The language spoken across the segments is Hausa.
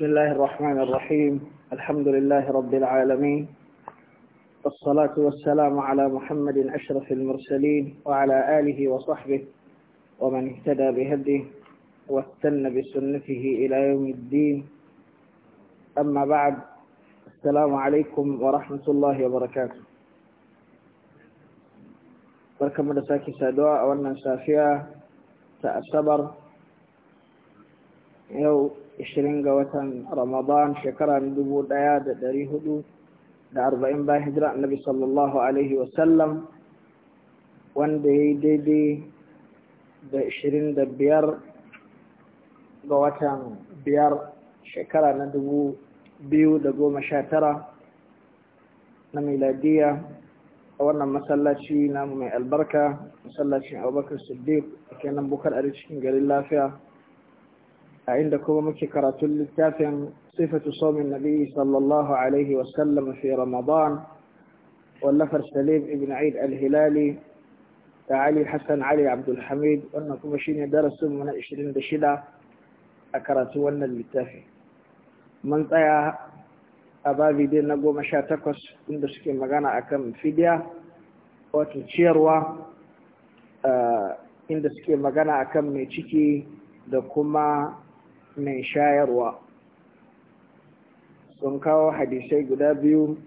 بسم الله الرحمن الرحيم الحمد لله رب العالمين والصلاة والسلام على محمد أشرف المرسلين وعلى آله وصحبه ومن اهتدى بهديه واستنى بسنته إلى يوم الدين أما بعد السلام عليكم ورحمة الله وبركاته بركة مدساكي سادواء والنسافية سأصبر yau 20 ga watan ramadan shekara dubu ɗaya da hudu da arba'in bayan hijira annabi sallallahu alaihi wasallam wanda ya yi daidai da 25 ga watan biyar shekara na dubu biyu da goma sha tara na miladiya a wannan masallaci namu mai albarka masallacin abubakar siddiq a kenan bukar a cikin garin lafiya عند كومك كرات للتافع صفة صوم النبي صلى الله عليه وسلم في رمضان واللفر سليم ابن عيد الهلالي تعالي حسن علي عبد الحميد وانا كما شيني درس من عشرين دشدة أكرت ون للتافع من طيا أبابي دين نقو مشا تكس كي مغانا أكم فيديا وتشيروا آه inda suke magana akan mai ciki da kuma mai shayarwa sun kawo hadisai guda biyu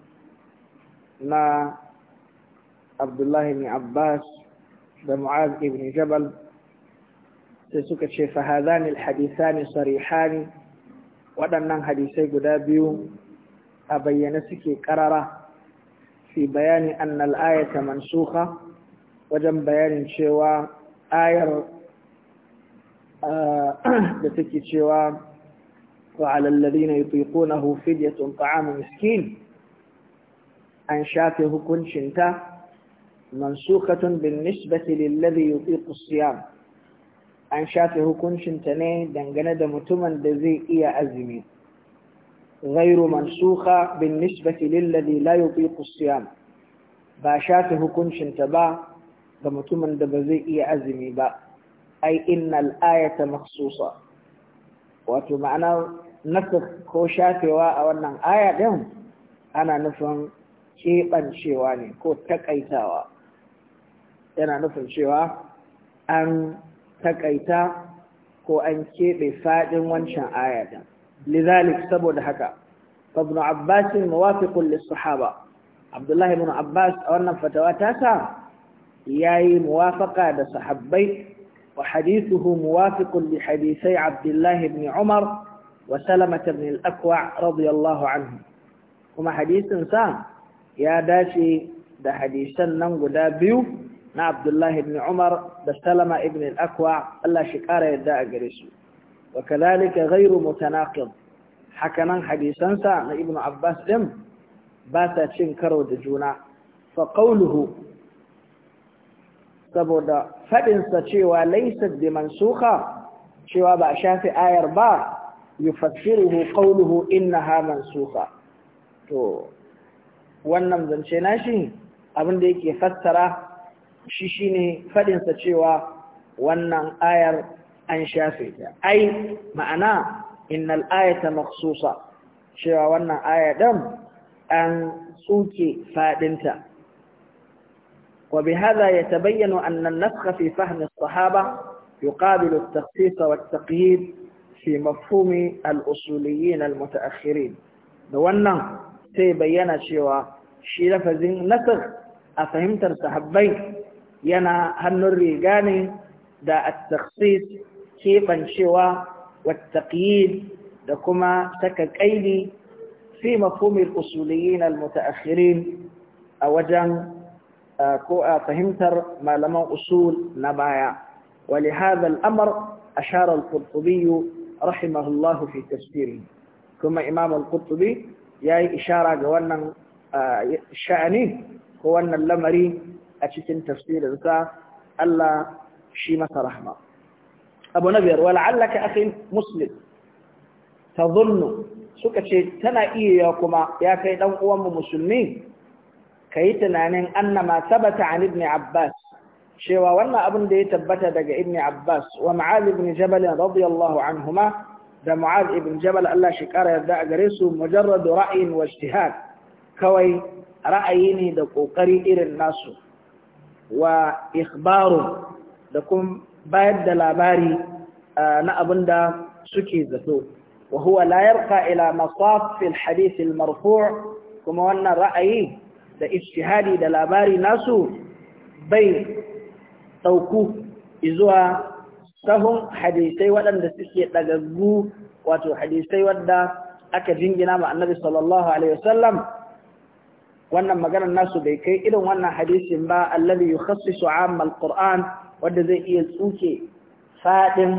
na abdullahi ibn abbas da mu'az ibn jabal sai suka ce fahazani hadisani sarihani waɗannan hadisai guda biyu a bayyane suke ƙarara fi bayani annal ayata mansuka wajen bayanin cewa ayar da take cewa wa alallari na yi tuiko na ya tunfa'a miskin an shafe hukuncinta mansukatun bin nisbati lillazi yutiqu siyam an shafe hukuncinta ne dangane da mutumin da zai iya azumi ghayru mansukha bin nisbati lillazi la yutiqu siyam ba shafe hukuncinta ba ga mutumin da ba zai iya azumi ba ai innal ayata makhsusa wato ma'ana nasakh ko shafewa a wannan aya din ana nufin keɓancewa ne ko takaitawa yana nufin cewa an takaita ko an keɓe faɗin wancan aya din lidhalik saboda haka فابن عباس Abdullahi للصحابة عبد a wannan عباس أولا فتواتاتا ياي موافقة da صحابي وحديثه موافق لحديثي عبد الله بن عمر وسلمة بن الأكوع رضي الله عنه وما حديث إنسان يا داشي ده حديثا ننقو دا بيو نا عبد الله بن عمر ده سلمة بن الأكوع الله شكارة يدى أقريسو وكذلك غير متناقض حكنا حديثا سا ابن عباس دم باتا تشنكرو دجونا فقوله saboda faɗinsa cewa laisa da mansuha cewa ba a shafi ayar ba yufassiruhu qawluhu innaha mansuha to wannan zance nashi abin da yake fassara shi shine faɗinsa cewa wannan ayar an shafe ta ai ma'ana innal ayata maksusa cewa wannan ayar dan an tsuke faɗinta وبهذا يتبين أن النسخ في فهم الصحابة يقابل التخصيص والتقييد في مفهوم الأصوليين المتأخرين دوانا سيبينا شوى شي لفظين نسخ أفهمت الصحابي ينا الرجال دا التخصيص كيفا شوى والتقييد لكما تكك أيدي في مفهوم الأصوليين المتأخرين أوجن ko a fahimtar malaman usul na baya wali hadha amar amr ashara al-qurtubi fi tafsiri kuma imam al ya yayi ishara ga wannan sha'ani ko wannan lamari a cikin tafsirinsa Allah shi masa rahma abu na biyar wala'allaka akhin muslim tadhunnu suka ce tana iya kuma ya kai dan uwanmu musulmi kayi tunanin annama sabata an ibn abbas cewa wannan abin da ya tabbata daga ibn abbas wa ma'al ibn jabal radiyallahu anhuma da mu'al ibn jabal Allah shi kara yarda a gare su mujarradu ra'ayin wa ijtihad kawai ra'ayi ne da kokari irin nasu wa ikhbaru da kuma bayar da labari na abin da suke zato wa huwa la yarqa ila masaf fil hadith al-marfu' kuma wannan ra'ayi da ijtihadi da labari nasu bai ɗauku izuwa sahun hadisai waɗanda suke ɗagaggu wato hadisai wadda aka jingina ma annabi sallallahu alaihi wasallam wannan maganar nasu bai kai irin wannan hadisin ba alladhi yukhassisu amma alquran wanda zai iya tsuke fadin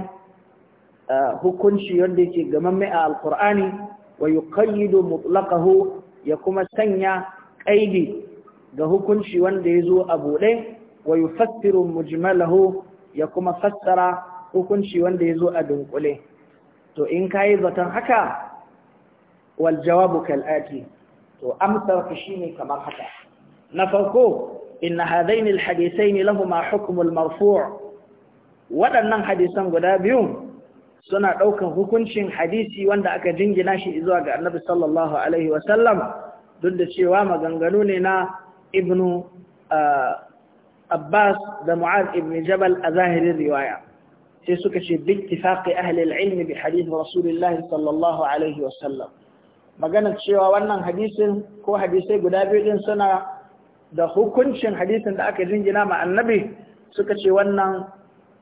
eh, hukunci wanda yake gamamme a alqurani wa yuqayyidu mutlaqahu ya kuma sanya ƙaidi ga hukunci wanda ya zo a buɗe wa yufassiru mujmalahu ya kuma fassara hukunci wanda ya zo a dunkule to in ka yi zaton haka wal jawabu kal'ati to amsar ka kamar haka na farko inna hadaini lahu lahuma hukmul marfu' waɗannan hadisan guda biyu suna ɗaukar hukuncin hadisi wanda aka jingina shi zuwa ga annabi sallallahu alaihi sallam. duk da cewa maganganu ne na ibnu ah, abbas da mu'ad ibn jabal a zahirin riwaya sai suka ce bittifaqi ahli al-ilm bi hadith rasulullahi sallallahu alaihi sallam magana cewa wannan hadisin ko hadisai guda biyu din suna da hukuncin hadisin da aka jingina ma annabi suka ce wannan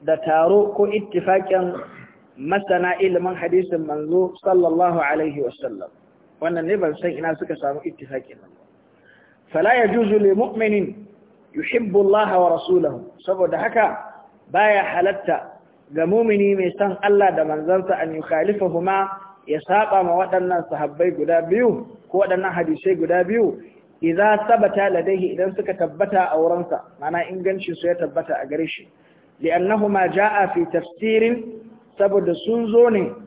da taro ko ittifaƙin masana ilimin hadisin manzo sallallahu alaihi sallam. wannan ne ban san ina suka samu ittifaqin fala yajuzu lil mu'minin yuhibbu Allah wa rasulahu saboda haka baya halatta ga mumini mai san Allah da manzansa an yukhalifahuma ya saba ma waɗannan sahabbai guda biyu ko waɗannan hadisai guda biyu idza sabata ladaihi idan suka tabbata a wurinsa mana ingancin su ya tabbata a gare shi li'annahuma jaa fi tafsirin saboda sun zo ne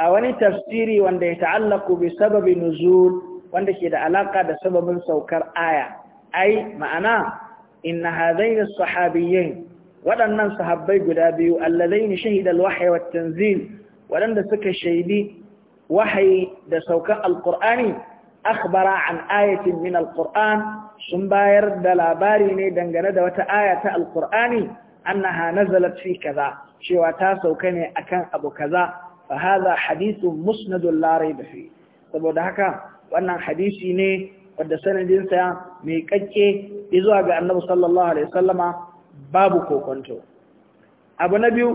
a wani tafsiri wanda ya ta'allaku bi sababi nuzul wanda ke da alaka da sababin saukar aya ai ma'ana inna hadaini sahabiyyai waɗannan sahabbai guda biyu alladaini shahida alwahyi wa tanzil waɗanda suka shaidi wahayi da saukar Alƙur'ani akbara an ayatin min Alƙur'an sun bayar da labari ne dangane da wata aya ta alqur'ani annaha nazalat fi kaza cewa ta sauka ne akan abu kaza fa hadha hadithun musnadun la rayba saboda haka wannan hadisi ne wanda sanadinsa mai kakke zuwa ga annabi sallallahu alaihi wasallama babu kokonto abu na biyu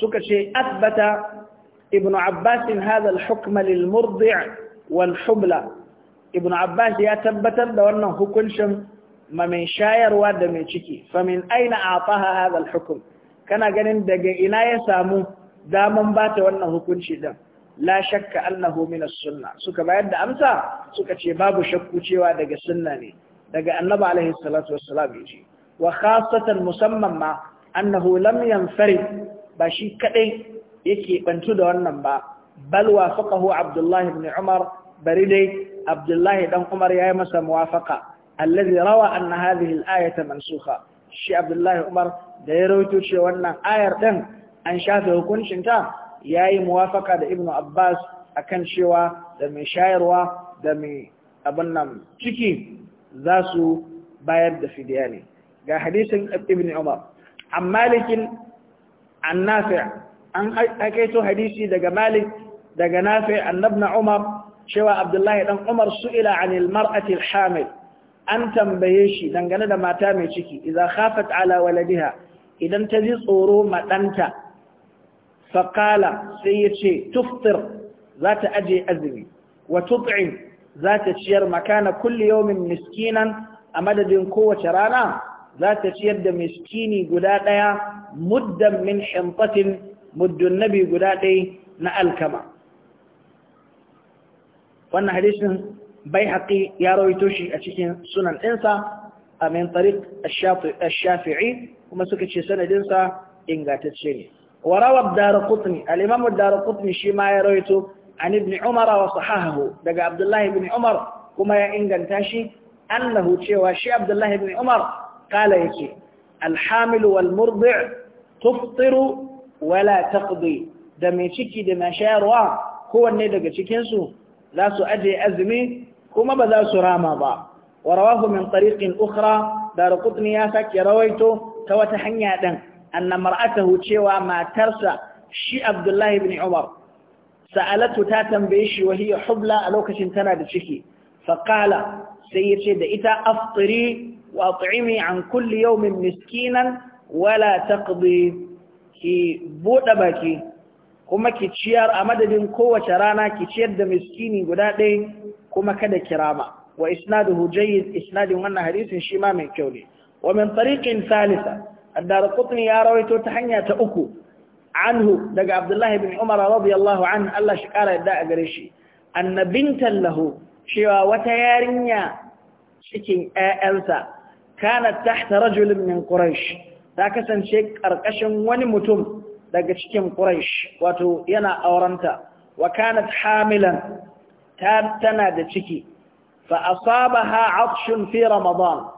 suka ce asbata ibnu abbas hadha al-hukm lil-murdi' wal-hubla ibnu abbas ya tabbatar da wannan hukuncin ma mai shayarwa da mai ciki famin aina ataha hadha al-hukm kana ganin daga ina ya samu daman ba ta wannan hukunci din la shakka annahu min as-sunna suka bayar da amsa suka ce babu shakku cewa daga sunna ne daga annabi alaihi salatu wassalam yace wa khassatan musamman ma annahu lam yanfari ba shi kadai yake bantu da wannan ba bal wafaqahu abdullah ibn umar bari dai abdullah dan umar yayi masa muwafaqa alladhi rawa anna hadhihi al-ayata mansukha shi abdullah umar da ya rawaito cewa wannan ayar din an shafe hukuncinta ya yi muwafaka da ibn abbas a kan cewa da mai shayarwa da mai abin nan ciki za su bayar da fidiya ne ga hadisin ibn umar an malikin an nafi'a an akaito hadisi daga malik daga nafi'a annabna umar cewa abdullahi dan umar su'ila anil mar'atil hamil an tambaye shi dangane da mata mai ciki idan khafat ala waladiha idan ta ji tsoro madanta faƙala sai ya ce zata ajiye ta aje azumi wa tut'im ciyar makana kulli yawmin miskinan a madadin kowace rana zata ciyar da miskini guda ɗaya muddan min himfatin muddun guda ɗaya na alkama wannan hadisin bai haƙi ya rawaito shi a cikin sunan ɗinsa a min tariq ash-shafi'i kuma suka ce sanadinsa ingantacce ne وروى الدار قطني الإمام الدار قطني شما يرويته عن ابن عمر وصححه دقى عبد الله بن عمر كما إنجن تاشي أنه تشي عبد الله بن عمر قال يكي الحامل والمرضع تفطر ولا تقضي دمي شكي دمي شاروا هو الندق شكينسو لا سؤدي أزمي كما بذا سراما ضع ورواه من طريق أخرى دار قطني ياسك يرويته توتحنيا دنك anna mar'atahu hucewa matarsa shi Abdullahi ibn Umar sa'alatu ta tambaye shi wa hiya hubla a lokacin tana da ciki fa qala sai yace da ita aftiri wa at'imi an kulli yawmin miskinan wala taqdi ki bude baki kuma ki ciyar a madadin kowace rana ki ciyar da miskini guda ɗaya kuma kada ki rama. wa isnaduhu jayyid isnadin wannan hadisin shi ma mai kyau ne wa min Salisa. ad-darqutni ya rawaito ta hanya ta uku anhu daga abdullahi bin umar radiyallahu anhu Allah shi kara yadda a gare shi annabintan lahu cewa wata yarinya cikin ƴaƴansa kana tahta rajulin min quraish ta kasance karkashin wani mutum daga cikin quraish wato yana aurenta wa kanat hamilan ta tana da ciki fa asabaha atshun fi ramadan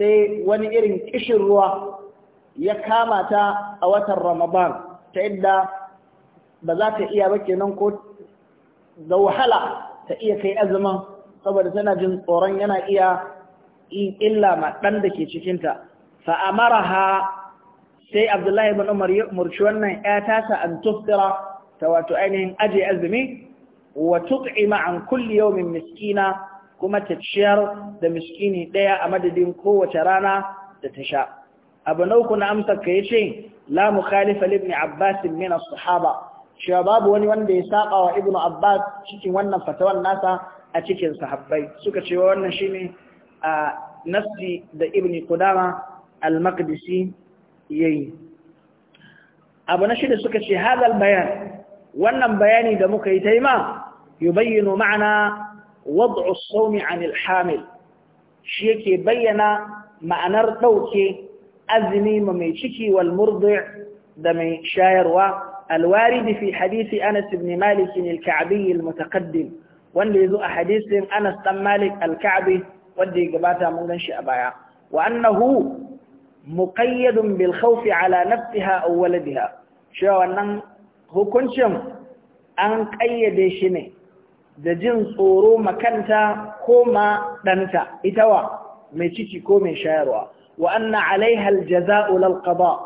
sai wani irin kishin ruwa ya kama ta a watan Ramadan ta yadda ba za ta iya ba kenan ko da wahala ta iya kai azumin saboda tana jin tsoron yana iya illa ma ɗan da ke cikinta fa ha sai Abdullahi ibn Umar ya murci wannan ya tasa an tuftira ta wato ainihin aje azumi wa tut'ima an kulli yawmin miskina kuma ta ciyar da miskini ɗaya a madadin kowace rana da ta sha abu na uku na amsa ka yace la mukhalifa li ibn abbas min as cewa babu wani wanda ya saƙa wa ibnu abbas cikin wannan fatawan nasa a cikin sahabbai suka ce wannan shine a nafsi da ibn kudama al-maqdisi yayi abu na shida suka ce hadal bayan wannan bayani da muka yi ta yi ma yubayyinu ma'ana wad'u as-sawmi hamil shi yake bayyana ma'anar dauke azmi ma mai ciki wal murdi da mai shayarwa alwaridi fi hadisi anas ibni malik al ka'bi al mutaqaddim wanda yazo a hadisin anas dan malik al ka'bi wanda ya gabata mun gan shi a baya wa annahu muqayyadun bil khawfi ala nafsiha aw waladiha cewa wannan hukuncin an kayyade shi ne da jin tsoro makanta ko ma danta ita wa mai ciki ko mai shayarwa wa anna alaiha aljaza'u lal qada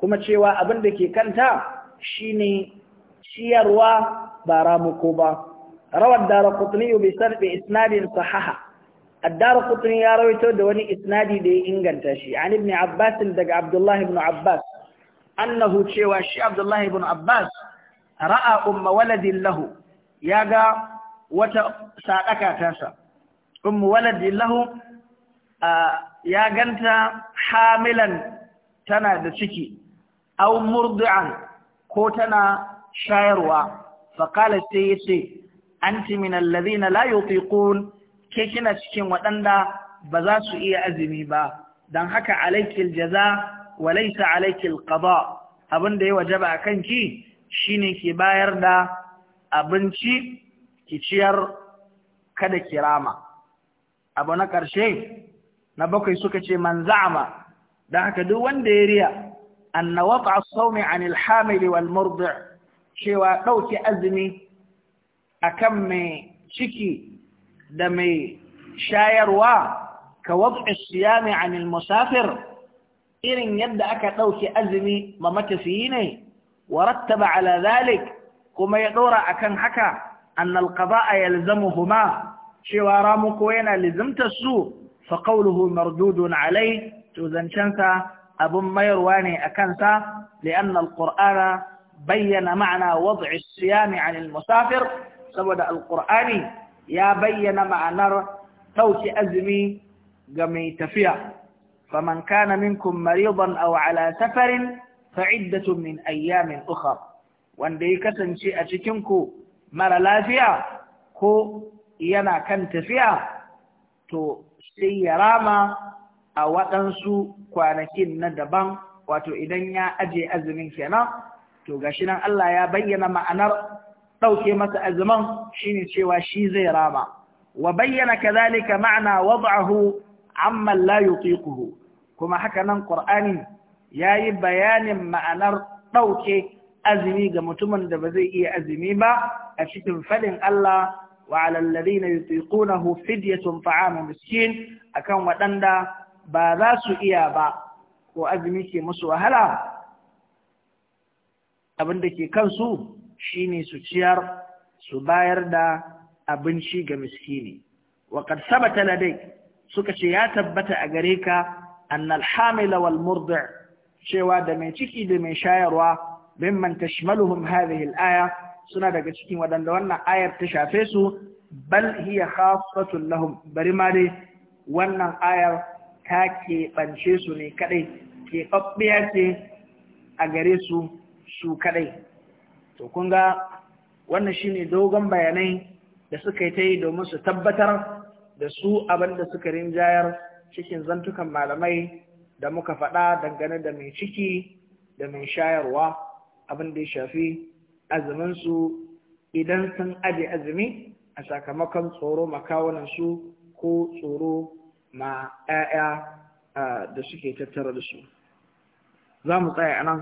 kuma cewa abin da ke kanta shine ciyarwa ba ramuko ba rawar daraqutni bi sarbi isnadin sahaha ad-daraqutni ya rawaito da wani isnadi da ya inganta shi an ibn abbas daga abdullah ibn abbas annahu cewa shi abdullah ibn abbas ra'a umma waladin lahu yaga wata sadaka sa umma waladin lahu ya ganta hamilan tana da ciki aw murdi'an ko tana shayarwa faqala sai yace anti min alladhina la yutiqun ke kina cikin waɗanda ba za su iya azumi ba dan haka alaikil jaza wa laysa alaikil qada abinda ya wajaba kanki, ki shine ki bayar da abinci ki ciyar kada kirama abu na ƙarshe na bakwai suka ce man za'ama da haka duk wanda ya riya anna waqa'a as-sawmi al hamil wal murdi' cewa dauki azumi akan mai ciki da mai shayarwa ka waqa'a as-siyami 'anil musafir irin yadda aka dauki azumi ma matafiyi ne warattaba 'ala dhalik kuma ya dora akan haka annal qada'a yalzamuhuma cewa ramuko yana lizimtar su فقوله مردود عليه شنسا أبو ميرواني أكنسا لأن القرآن بين معنى وضع الصيام عن المسافر سبدا القرآن يا بين معنى توت أزمي قمي تفيا فمن كان منكم مريضا أو على سفر فعدة من أيام أخر وان ya kasance a cikinku فيها كو ينا yana kan تو sai ya rama a waɗansu kwanakin na daban wato idan ya aje azumin kenan to gashi nan Allah ya bayyana ma'anar ɗauke masa azumin shine cewa shi zai rama wa bayyana kazalika ma'ana wad'ahu amma la yutiquhu kuma haka nan Qur'ani yayi bayanin ma'anar ɗauke azumi ga mutumin da ba zai iya azumi ba a cikin fadin Allah وعلى الذين يطيقونه فدية طعام مسكين أكن ودندا باذاس إيابا Abin da ke kansu shine su ciyar su bayar da abinci ga miskini wa qad sabata ladai suka ce ya tabbata a gare ka annal hamila wal murdi' cewa da mai ciki da mai shayarwa mimman tashmaluhum hadhihi al-aya suna daga cikin waɗanda wannan ayar ta shafe su bal hiya khassatul lahum bari ma dai wannan ayar ta keɓance su ne kaɗai keɓaɓɓiya ce a gare su su kaɗai to kun ga wannan shine dogon bayanai da suka yi ta yi domin su tabbatar da su abin da suka rinjayar cikin zantukan malamai da muka faɗa dangane da mai ciki da mai shayarwa abin da ya shafi azuminsu idan sun aje azumi a sakamakon tsoro makawunansu ko tsoro ma 'ya'ya da suke tattara da su za mu tsaya a nan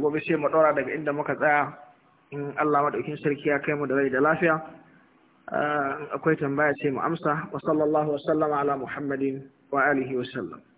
gobe sai mu ɗora daga inda muka tsaya in Allah maɗaukin sarki ya kai mu da rai da lafiya akwai tambaya sai mu amsa wa sallallahu wa sallama ala muhammadin wa alihi wa sallam